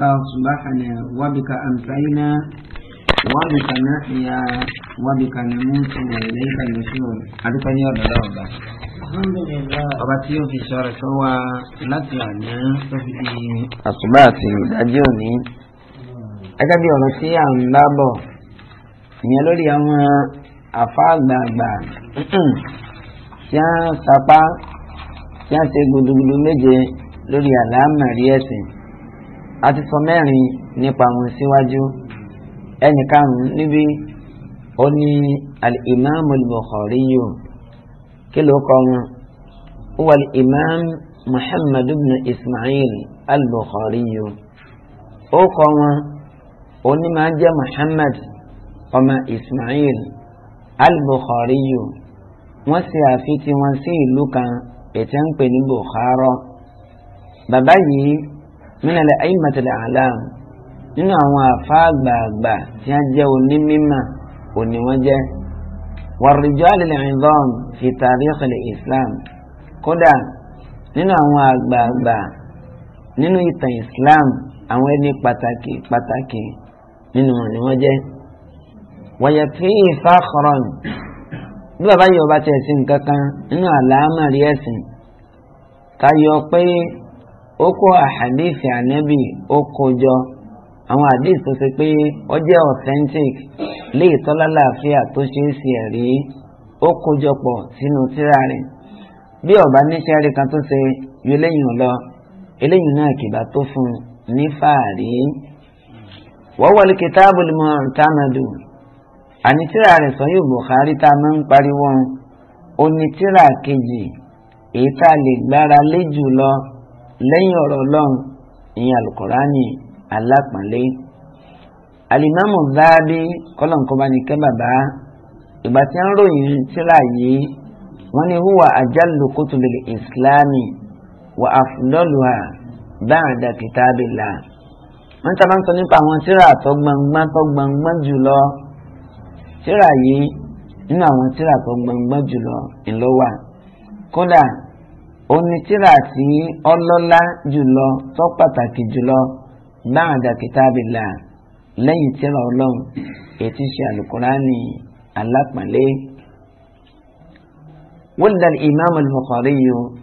فأصبحنا وبك أمسينا وبك نحيا وبك نموت وإليك النشور أدوكم يا رب ọba tí yóò fi sọ̀rọ̀ sọ wa láti àná tó fi di. àsùbá àti ìdájọ́ òní gẹ́gẹ́ bí ọ̀rọ̀ tí à ń bá bọ̀ ìyẹn lórí àwọn àfáàgbààgbà tí a sapá tí a ṣe gudugudu méje lórí àlámọ̀rí ẹ̀sìn a ti sọ mẹ́rin nípa wọn síwájú ẹnì karùn-ún níbi ó ní al-Imam al-Bukhari yìí kí ló kọ́ wọn ó wà al-Imam Muhammad ibn Ismail al-Bukhari yìí ó kọ́ wọn ó ní máa jẹ́ Muhammad ọmọ Ismail al-Bukhari yìí wọ́n sì àfi tiwọn sí ìlú kan ètò ń pè ní Bukhara bàbá yìí mina la aimatul alam nínú àwọn àfa àgbààgbà tí a jẹ́ onímímà òní wọ́n jẹ́ warrijal al'izam fi tarikh al-islam kódà nínú àwọn àgbààgbà nínú ìtàn islam àwọn ẹni pàtàkì pàtàkì nínú wọn ni wọ́n jẹ́ wàyàtí fakhran bí bàbá yìí ọba tẹ̀ nǹkan kan nínú àlàámà rí ẹ̀sìn ká yọ pé ó kó àhàdíìsì ànábì ó kó jọ àwọn àdíìsì tó ṣe pé ó jẹ́ authentic léè tọ́lá láàfíà tó ṣe é ṣe ẹ̀rí ó kó jọ pọ̀ sínú tírà rẹ̀ bí ọba níṣẹ́ rí kan tó ṣe ju eléyìí lọ eléyìí náà kìbá tó fún un ní fàárí. wọ́n wọlé kìtáàbù lè mọ tánàdù àní tírà rẹ̀ sọ yóò Bukhari tá a máa ń pariwo oní kejì èyí tá a lè gbára lé jù lọ lẹ́yìn ọ̀rọ̀ ọlọ́run ìyẹn alukurani alápọ̀nlé alimami dáadé kọ́lọ̀nkọ́bánikẹ́ bàbá ìgbà tí ń ròyìn tírà yìí wọ́n ní huwa ajallu kutubul islami wa afdaluha ba'da kitabillah wọ́n ta bá ń sọ nípa àwọn tírà tó gbọ̀ngbọ́n tó gbọ̀ngbọ́n jùlọ tírà yìí nínú àwọn tírà tó gbọ̀ngbọ́n jùlọ ńlọ́wà kódà onítìrà tí ọlọ́lá jùlọ tó pàtàkì jùlọ báàdà kìtàbìlà lẹ́yìn tírà ọlọ́run ètí ṣe àlùkùránì alápàlẹ́. ولد الإمام البخاري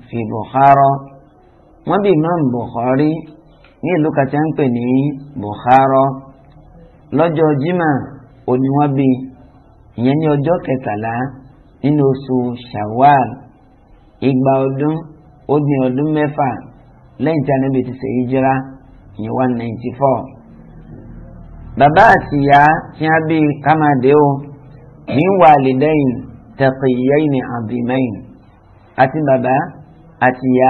في بخارى wọ́n bí Imam Bukhari ní ìlú kàtà ń pè ní Bukhara lọ́jọ́ jimá òní wọ́n bí ìyẹn ní ọjọ́ kẹtàlá nínú oṣù Shawwal igba ọdún ó di ọdún mẹ́fà lẹ́yìn tí anábì ti ṣe hijira ní one ninety four. bàbá àti ìyá tí a bí kámádé o ní wàlídẹ́yìn taqiyyayn azimayn àti bàbá àti ìyá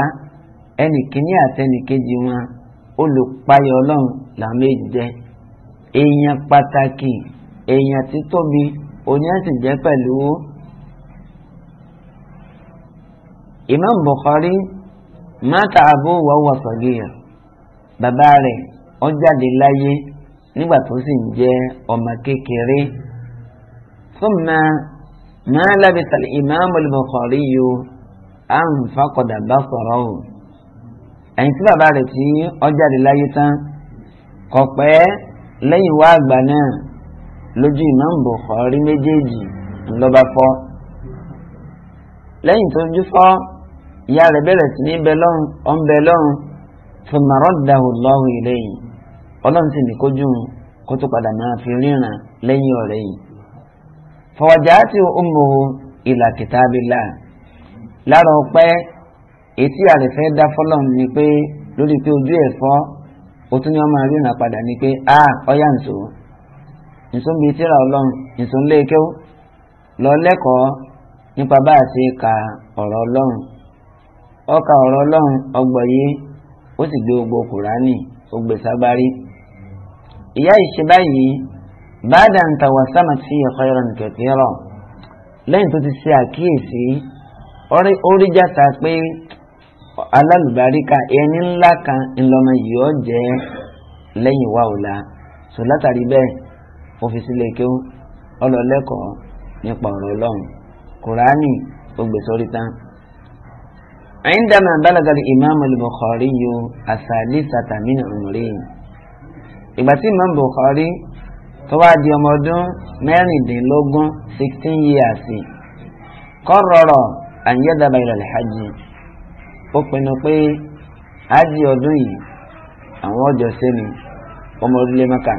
ẹnì kíní àtẹnì kejì wọn olùpayọ ọlọ́run làwọn méjì jẹ́ èèyàn pàtàkì èèyàn títóbi oníyàtì jẹ́ pẹ̀lú. Imam Bukhari mata abu wa wa sagira bàbá rẹ̀ ó jáde láyé nígbà tó sì ń jẹ́ ọmọ kékeré thumma ma labisa al-imam al-Bukhari yìí an faqada basarahu ẹ̀yìn tí bàbá rẹ̀ tí ó jáde láyé tán kò pẹ́ lẹ́yìn wá àgbà náà lójú Imam Bukhari méjèèjì ńlọ́ba fọ́ lẹ́yìn tó ń jú fọ́ ìyá rẹ̀ bẹ̀rẹ̀ sí ní bẹ lọ́run ọ̀n bẹ lọ́run thumma raddahu Allahu ilayhi ọlọ́run sì ní kójú kó tó padà máa fi ríran lẹ́yìn ọ̀rẹ́ yìí. fawaja'athu ummuhu ila kitabillah lára ọpẹ́ etí àrẹ̀fẹ́ dá fọlọ́run ni pé lórí pé ojú ẹ̀ o tún ní ọmọ ríran padà ni pé a ọyà nsò nsò bíi tíra ọlọ́run nsò ńlẹ́kẹ́ lọ lẹ́kọ̀ọ́ nípa bá a ṣe ka ọ̀rọ̀ ọlọ́run ọkà ọ̀rọ̀ ọlọ́run ọgbọ̀yé ó sì gbé gbogbo kùránì ó gbé sábárí. ìyá ìṣe báyìí bàdà ń tàwà sámà sí ẹ̀kọ́ ẹ̀rọ nìkẹ̀kẹ́ rọ̀ lẹ́yìn tó ti ṣe àkíyèsí ó rí jàsà pé alálùbáríkà ẹni ńlá kan ńlọmọ yìí ó jẹ́ lẹ́yìn wa ọ̀la sọ látàrí bẹ́ẹ̀ ó fi sílẹ̀ kí ó lọ lẹ́kọ̀ọ́ nípa ọ̀rọ̀ ọlọ́run kùránì ó gbé sórí tán. عندما بلغ الإمام البخاري الثالثة من عمره ìgbà tí Imam Bukhari tó wá di ọmọ ọdún mẹ́rìndínlógún sixteen years qarrara an yadhhaba ila al-hajj ó pinnu pé ájì ọdún yìí àwọn ọjọ́ sẹ́ni ọmọ orílẹ̀ Mẹ́kà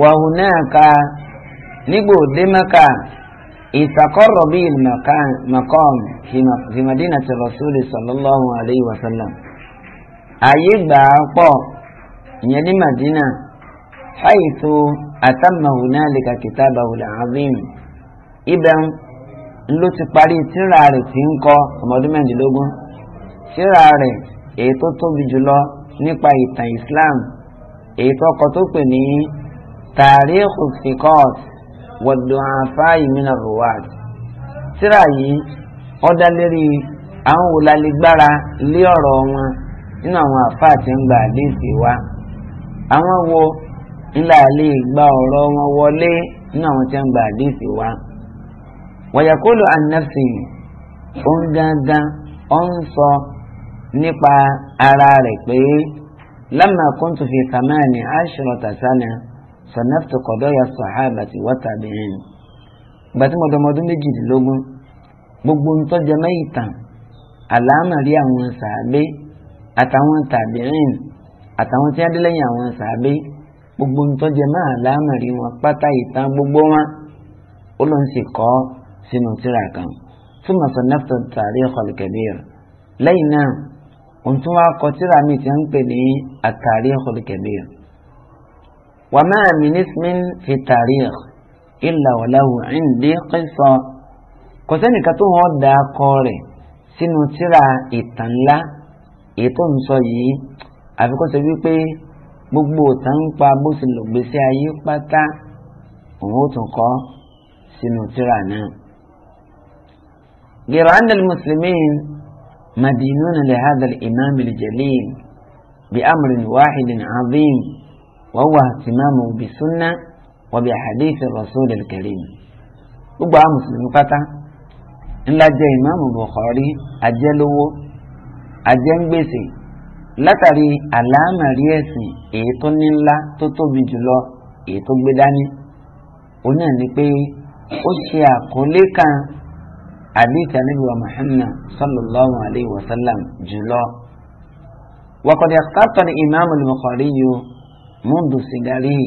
wa hunaka nígbò dé Mẹ́kà. استقر به المكان مقام في مدينة الرسول صلى الله عليه وسلم أي باقو يلي مدينة حيث أتم هنالك كتابه العظيم إبن ló ti parí tíra rẹ̀ tí ń kọ ọmọdún mẹ́rìndínlógún tíra rẹ̀ èyí tó tóbi jùlọ nípa ìtàn Islam èyí tó kọ tó pè ní tàríkù fikọ́ọ̀tì wọ̀dùnàfà ìmìnà ruwad tíra yìí ó dá lérí àwọn wòlálígbára lé ọ̀rọ̀ wọn nínú àwọn afọ àti ń gba wa àwọn wo ńlá lè gba ọ̀rọ̀ wọn wọlé nínú àwọn tí gba wa wàyàkólò ànáfsì ó ń ó ń sọ nípa ara rẹ̀ pé fi ní àṣírọ̀ tàṣánà. sanaftu qadaya sahabati wa tabi'in ìgbà tí mo dọmọ ọdún méjìdínlógún gbogbo ntọ́jẹ mẹ́yìntàn àlámàrí àwọn sàábé àtàwọn tabi'in àtàwọn tí wọ́n dé lẹ́yìn àwọn sàábé gbogbo ntọ́jẹ máa àlámàrí wọn pátá ìtàn gbogbo wọn ó ló ń sì kọ́ sínú tírà kan fún sanaftu tarikh al-kabir náà òun tún mi ti ń pè ní at-tarikh وما من اسم في التاريخ إلا وله عندي قصة كسني كتوه دا قوري sínú tíra ìtàn ńlá ètò ń sọ yìí àfikún ṣe wípé gbogbo òtàn ń pa bó ṣe lò gbèsè ayé pátá òun ó tún kọ sínú tíra náà. جيران المسلمين مدينون لهذا الإمام الجليل بأمر واحد عظيم وهو اهتمام بسنة وبحديث الرسول الكريم gbogbo àwọn mùsùlùmí pátá ńlá jẹ ìmáàmù Bukhari ajẹlówó ajẹngbèsè látàrí àlámàrí ẹsìn èyí tó ní ńlá tó tóbi jùlọ èyí tó gbé dání òun náà ni pé ó ṣe àkọlé kan àdìtà níbi wa Muhammad sallallahu alayhi wa sallam jùlọ. وقد اختلط الإمام البخاري منذ صغره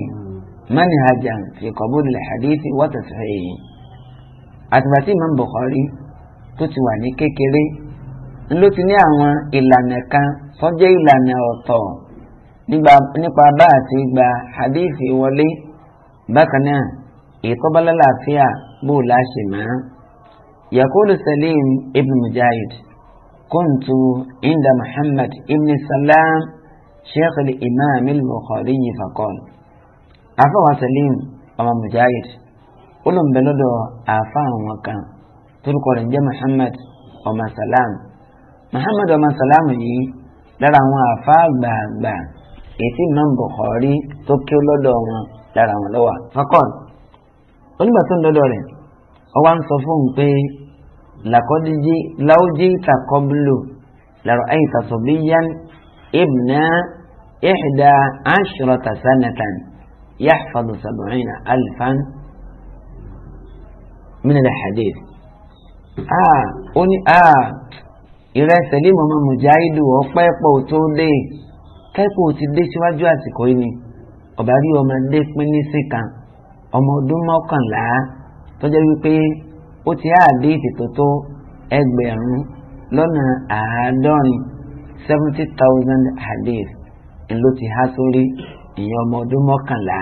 منهجا في قبول الحديث وتصحيحه àtìgbàtí Imam Bukhari tó ti wà ní kékeré ló ti ní àwọn ìlànà kan tó jẹ́ ìlànà ọ̀tọ̀ nípa bá àti gba hadithi wọlé bákan náà ìtọ́balá làáfíà bó láṣẹ mọ́. يقول سليم ابن مجاهد كنت عند محمد ابن سلام شيخ الإمام البخاري فقال أفوى سليم أما مجاهد قلهم بلدو آفان وكان تلقوا رنجة محمد وما سلام محمد وما سلام يي lára àwọn àfáà gbàgbà ètí Imam Bukhari tó kí ó lọ́dọ̀ wọn lára wọn lọ́wọ́ fakọ́n onígbà tó ń lọ́dọ̀ rẹ̀ ọwọ́ ń sọ fún un pé làkọ́díjí láwùjí ìtàkọ́bùlù làrọ̀ àyíká sọ̀bíyàn ibùnà إحدى عشرة سنة يحفظ سبعين ألفا من الحديث آه أني آه ìrẹ sẹlímù ọmọ mùjáìdù ọpẹ pọ tó dé kẹpọ ti dé síwájú àsìkò yìí ni ọba rí ọmọdé pín ní síkà ọmọ ọdún mọ́kànlá tọjá wípé ó ti àdé ìtètò tó ẹgbẹ̀rún lọ́nà àádọ́rin seventy thousand hadith ló ti há sórí ìyẹn ọmọ ọdún mọ́kànlá.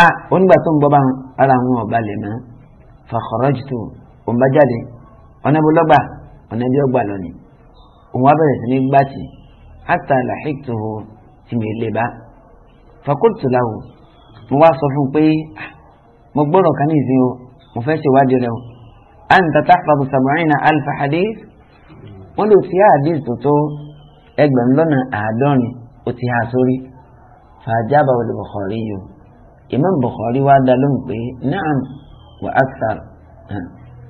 a onígbà tó ń gbọ́ bá ara àwọn ọba lè mọ́ fàkọ̀rọ́jìtò òun bá jáde ọ̀nà ibi lọ́gbà ọ̀nà ibi ọgbà lọ́ni òun wá bẹ̀rẹ̀ sí ní gbàtì àtà làhìtò tí mi lè bá fàkóòtù làwò mo wá sọ fún un pé ah, mo gbọ́dọ̀ ká ní ìsìn o mo fẹ́ ṣèwádìí rẹ o à ń tata fàbùsàbùrìn náà alfa wọ́n lò sí àdéhùn tó tó ẹgbẹ̀rún lọ́nà àádọ́rin ó ti há sórí fàjábà wọlé Bukhari yìí o Imam Bukhari wá dá lóhùn pé naam wà á sàr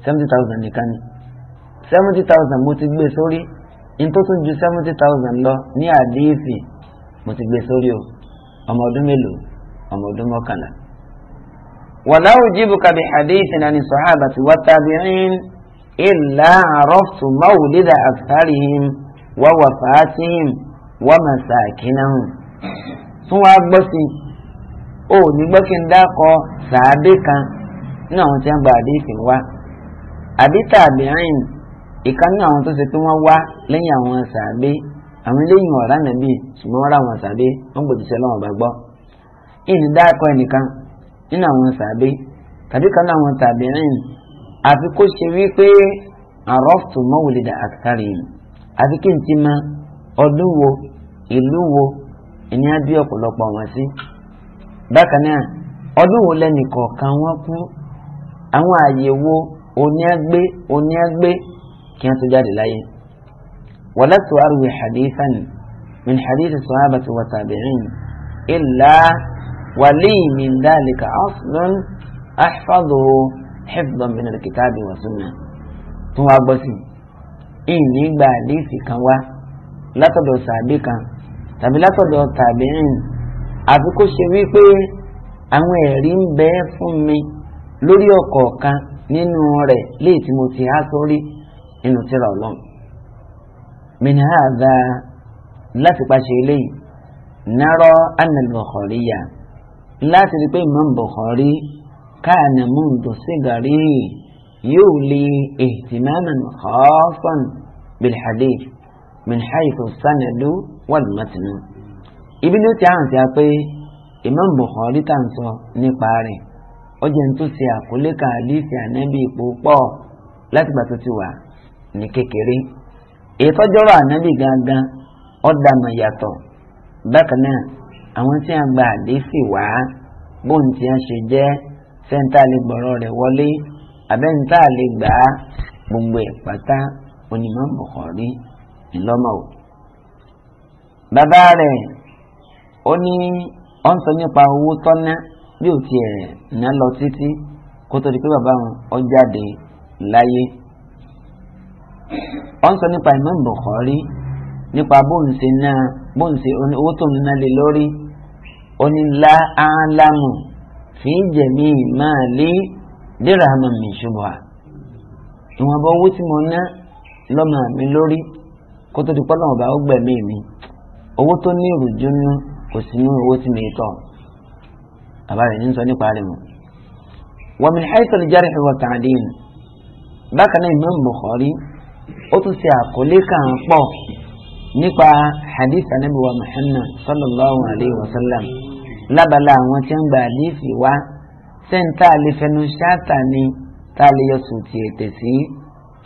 seventy thousand nìkan ni seventy thousand mo ti gbé sórí n tó tún ju seventy thousand lọ ní àdéhìsì mo ti gbé sórí o ọmọ ọdún mélòó ọmọ ọdún mọ́kànlá. wàlá òjìbù kàbí àdéhìsì náà ni sọ̀hábà ti wá tábìrín ìlà àrọ́fù máwùlídà àfárìhìn wa wafatihim wa masakinahum tún wá gbọ́ sí i ó ní gbọ́ kí n dákọ̀ sàábé kan ní àwọn tí wọ́n gba àdéhìí wá àbí tàbírin ìkan ní àwọn tó ṣe pé wọ́n wá lẹ́yìn àwọn sàábé àwọn eléyìí ọ̀rá nàbí ṣùgbọ́n wọ́n rà àwọn sàábé wọ́n gbòdì sí ọlọ́wọ́n bá gbọ́ ìní dákọ̀ ẹnìkan nínú àwọn sàábé tàbí kan ní àwọn tàbírin àfi kó ṣe wípé àrọ́fùtù mọ́wòlì dà àkàrí àfi kí n ti mọ ọdún wo ìlú wo ìní á bí ọ̀pọ̀lọpọ̀ wọn sí. bákan náà ọdún wo lẹ́nì kọ̀ọ̀kan wọn kú àwọn àyè wo oníagbé oníagbé kí wọ́n tó jáde láyé. wala tu'arwi hadithan min hadithi sahabati wa tabi'in illa wali min dhalika aslun ahfadhu hifdhan min alkitabi wa sunnah. tún wá gbọ́ sí i. ìyìn gba àdìsí kan wá látọ̀dọ̀ sàbí kan tàbí látọ̀dọ̀ tàbí rìn àfi kó ṣe wípé fún mi lórí ọ̀kọ̀ọ̀kan nínú rẹ̀ léè tí mo ti há sórí nínú tírà ọlọ́run láti paṣẹ eléyìí narọ anil ya láti rí pé imam bukhari káà nà يولي اهتماما خاصا بالحديث من حيث السند والمتن ibinu tí a ń sẹ́ pé Imam Bukhari tá ń sọ nípa rẹ̀ ó jẹ́ tó ṣe àkọlé kan àdìsí ànábì ipò pọ̀ láti gbà tó ti wà ní kékeré ìtọ́jọ́rọ̀ ànábì gangan ó dànù yàtọ̀ bákan náà àwọn tí a gba àdìsí wá bóun tí a ṣe jẹ́ sẹ́ńtà lè gbọ́rọ̀ rẹ̀ wọlé abẹ́ntà lè gbà á gbogbo ẹ̀ pátá onímọ̀ Bukhari ńlọ́mọ̀ o. bàbá rẹ̀ ó ní ó ń sọ nípa owó tọ́ná bí ò tiẹ̀ ná lọ títí kó tó di pé bàbá wọn ó jáde láyé. ó ń sọ nípa Imam Bukhari nípa bóńsẹ̀ náà bóńsẹ̀ owó tó ń ná lé lórí ó ní máa lé dirhaman min shubha ìwọ̀nba owó tí mo ná lọ́mọ mi lórí kó tó di pọ́lọ́ ọ̀gá ó gbẹ̀mí mi owó tó ní ìrùjú nú kò sí nú owó tí mi tọ̀ bàbá rẹ̀ ní sọ nípa rẹ̀ mọ́. wa min haythu al-jarh wa bákan náà Imam Bukhari ó tún ṣe àkọlé kan pọ̀ nípa hadith anabi Muhammad sallallahu alayhi wa sallam lábala àwọn tí ń gba hadith wa. ṣé n tá lè fẹnu ṣáàtà ni tá a lè yọ sùn tiẹ̀ tẹ̀ sí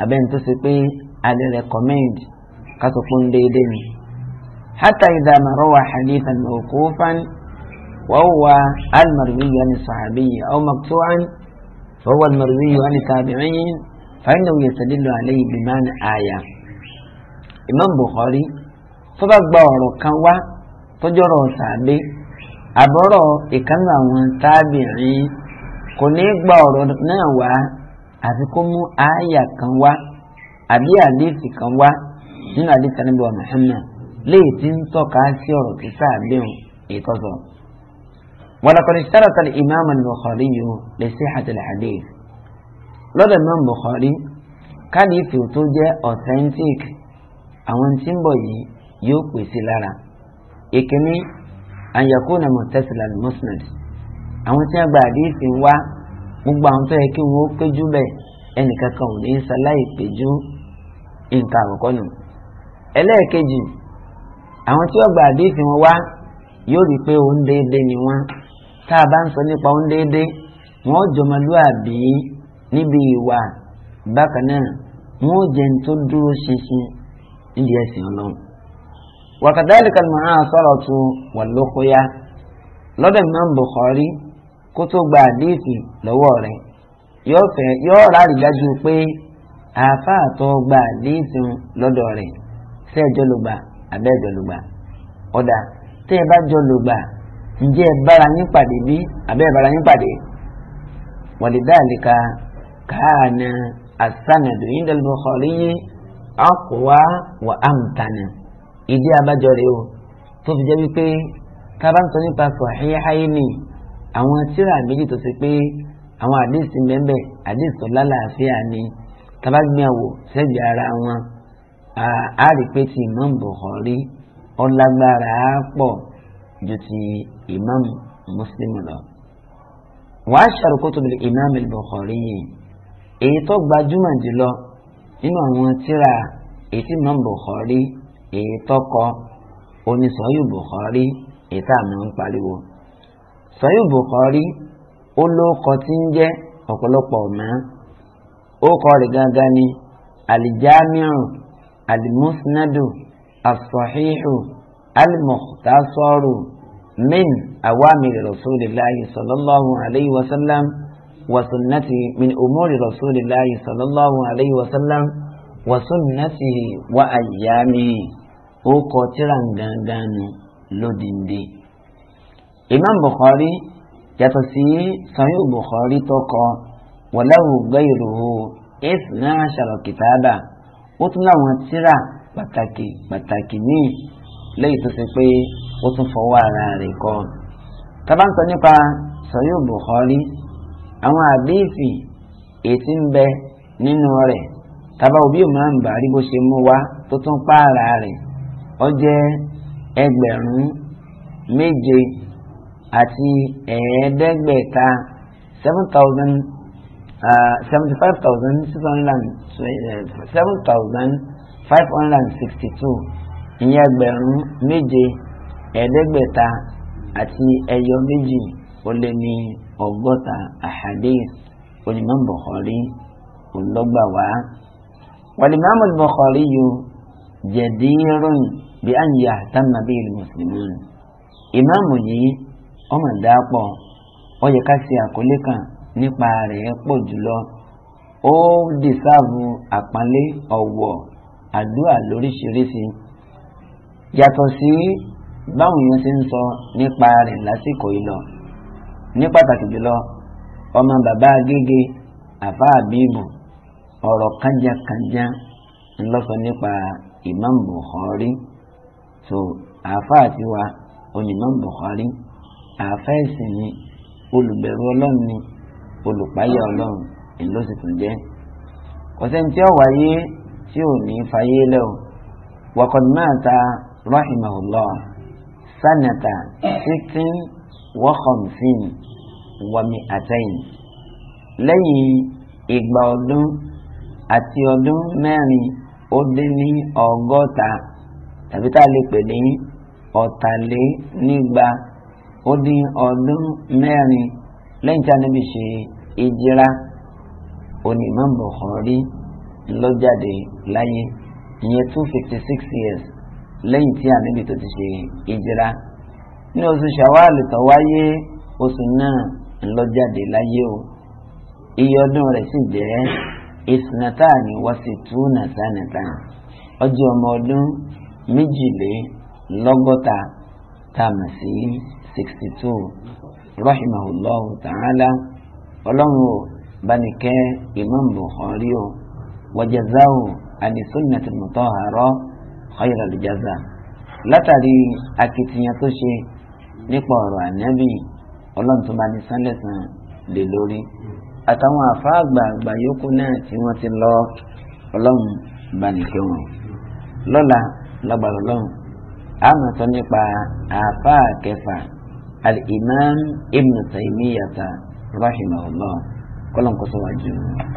abẹ́ni tó ṣe pé a lè recommend kásò fún déédéé ni. حتى إذا ما روى حديثا موقوفا وهو المروي عن الصحابي أو مقطوعا فهو المروي عن التابعين فإنه يستدل عليه بمعنى آية Imam Bukhari tó bá gba ọ̀rọ̀ kan wá tó jọ̀rọ̀ sàbẹ̀ àbọ̀rọ̀ ìkànnì àwọn tábìrin kò ní gba ọ̀rọ̀ náà wá àfi kó mú àyà kan wá àbí àdéhìí kan wá nínú àdéhìí níbi wa Muhammad léyìí tí ń tọ́ka sí ọ̀rọ̀ tí sáàbẹ̀hùn ìtọ́sọ̀. walaqad ishtarata al-imam al-Bukhari li sihhati al-hadith lọ́dọ̀ Imam Bukhari kálífì tó jẹ́ authentic àwọn tí ń bọ̀ yìí yóò pèsè lára ìkíní an yakuna muttasil al-musnad àwọn tí wọ́n gba àdéhìsì ń wá gbogbo àwọn tó yẹ kí wọ́n péjú bẹ́ẹ̀ ẹnìkan kan ò ní í ṣaláì péjú nǹkan àkọ́kọ́ nù. ẹlẹ́ẹ̀kejì àwọn tí wọ́n gba àdéhìsì wọn wá yóò rí i pé òun déédéé ni wọ́n tá a bá ń sọ nípa òun déédéé wọ́n jọmọlúàbí níbi ìwà bákan náà wọ́n jẹ́ ní tó dúró ṣinṣin níbi ẹ̀sìn ọlọ́run. wàkàtà ẹ̀dẹ̀kan mọ̀ á sọ̀rọ̀ tu wà lókóyá lọ́dọ̀ Imam Bukhari kó tó gba àdéhìsì lọ́wọ́ rẹ̀ yóò fẹ́ yóò rárí dájú pé àáfàá tó gba àdéhìsì lọ́dọ̀ rẹ̀ ṣé ẹjọ́ ló gbà abẹ́ ẹjọ́ ló gbà ọ̀dà tẹ́ ẹ bá jọ ló gbà ǹjẹ́ ẹ bára yín pàdé bí abẹ́ ẹ bára yín pàdé wàlídàálíkà káàna àsánàdù indal Bukhari aqwa wa amtana ìdí abájọ rẹ o tó fi jẹ́ wípé tá ń sọ nípa sọ̀híháyé nìyí àwọn tíra méjì tó ṣe pé àwọn àdéhùn mẹ́mbẹ́ àdéhùn tó lálàáfíà ni tabagbéyàwó sẹ́gbẹ̀ẹ́ ara wọn a rí pé ti Imam Bukhari ọlágbára á pọ̀ ju ti Imam Muslim lọ. wàá ṣàròkótó bí Imam Bukhari yìí èyí tó gbajúmọ̀ jùlọ nínú àwọn tíra èyí tí Imam Bukhari èyí tó kọ onísọ̀ọ́yù Bukhari èyí tá a mọ̀ ń pariwo sọyìn bukhari ó lóko tí ń jẹ́ ọ̀pọ̀lọpọ̀ ọ̀mọ́ ó kọ́ rẹ̀ gangan ni alijamiu alimusnadu asahihu almukhtasaru min awamir rasulillahi sallallahu alayhi wa sallam wa sunnati min umuri rasulillahi sallallahu alayhi wa sallam wa sunnatihi wa ayyamihi ó kọ́ tíra gangan lódìndín. imam bukhari yàtọ̀ sí sanyo bukhari tọkọ wàláwù gẹ́yìrùhù ìsìnà àṣàrò kìtàbà ó tún láwọn tíra pàtàkì pàtàkì míì lẹ́yìn tó ṣe pé ó tún fọwọ́ ara rẹ̀ kọ́ àti ẹ̀ẹ́dẹ́gbẹ̀ta seven thousand seventy five thousand six hundred and seven thousand five hundred sixty two ìyẹn ẹgbẹ̀rún méje ẹ̀ẹ́dẹ́gbẹ̀ta àti ẹyọ méjì ó lé ní ọgọ́ta ahadith onímọ̀ Bukhari ọlọ́gbà wá. wàlìmọ́mù Bukhari yóò jẹ̀dírùn bí àyè àtàmàbí mùsùlùmí. ìmáàmù yìí ọmọ ìdápọ̀ ó yẹ ká ṣe àkọlé kan nípa rẹ̀ pọ̀ jùlọ ó dìsáàbù àpánlé ọ̀wọ̀ àdúrà lóríṣiríṣi yàtọ̀ sí báwọn èèyàn ti ń sọ nípa rẹ̀ lásìkò ìlọ ní pàtàkì jùlọ ọmọ bàbá agége àfa àbíbù ọ̀rọ̀ kánjakánjá ńlọ́sọ nípa Imam Bukhari so àfa àtiwá oní Imam Bukhari. So, àfẹ́ẹ̀sì ni olùbẹ̀rù ọlọ́run ni olùpáyà ọlọ́run èyí ló sì tún jẹ́ kọ̀sẹ́ni tí ó wáyé tí ò ní fàyè lẹ́ o waqad mata rahimahullah sanata sittin wa khamsin wa lẹ́yìn ìgbà ọdún àti ọdún mẹ́rin ó dín ní ọgọ́ta tàbí tá a lè pè ní ọ̀tàlénígba ó dín ọdún mẹ́rin lẹ́yìn tí anábì ṣe ìjìra òní Imam láyé ìyẹn two fifty six years lẹ́yìn tí anábì tó ti ṣe ìjìra ní oṣù Ṣàwáàlì tó wáyé oṣù náà lọ́jáde láyé o iye ọdún rẹ̀ sì jẹ́ ìsìnàtàní wàsìtúnà sànàtà ọjọ́ ọmọ ọdún méjìlélọ́gọ́ta tá a mọ̀ sí sixty two rahimahullahu ta'ala ọlọ́run ò banikẹ́ imam bukhari o wajazawo anisunnatul mutahhara khayral jaza látàrí akitiyan tó ṣe nípa ọ̀rọ̀ ànábì ọlọ́run tó bá ní sálẹ̀sán lè lórí àtàwọn àfa àgbààgbà yòókù náà tí wọ́n ti lọ ọlọ́run banikẹ́ wọn lọ́la lágbàlọ́lọ́run àmọ̀tọ́ nípa àfa kẹfà. الإمام ابن تيمية رحمه الله كلهم قصوا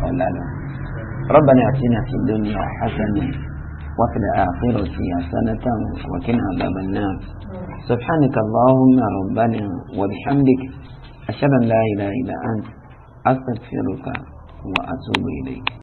قال لا ربنا اعطنا في الدنيا حسنة وفي الآخرة حسنة وكنا عذاب النار سبحانك اللهم ربنا وبحمدك أشهد أن لا إله إلا أنت أستغفرك وأتوب إليك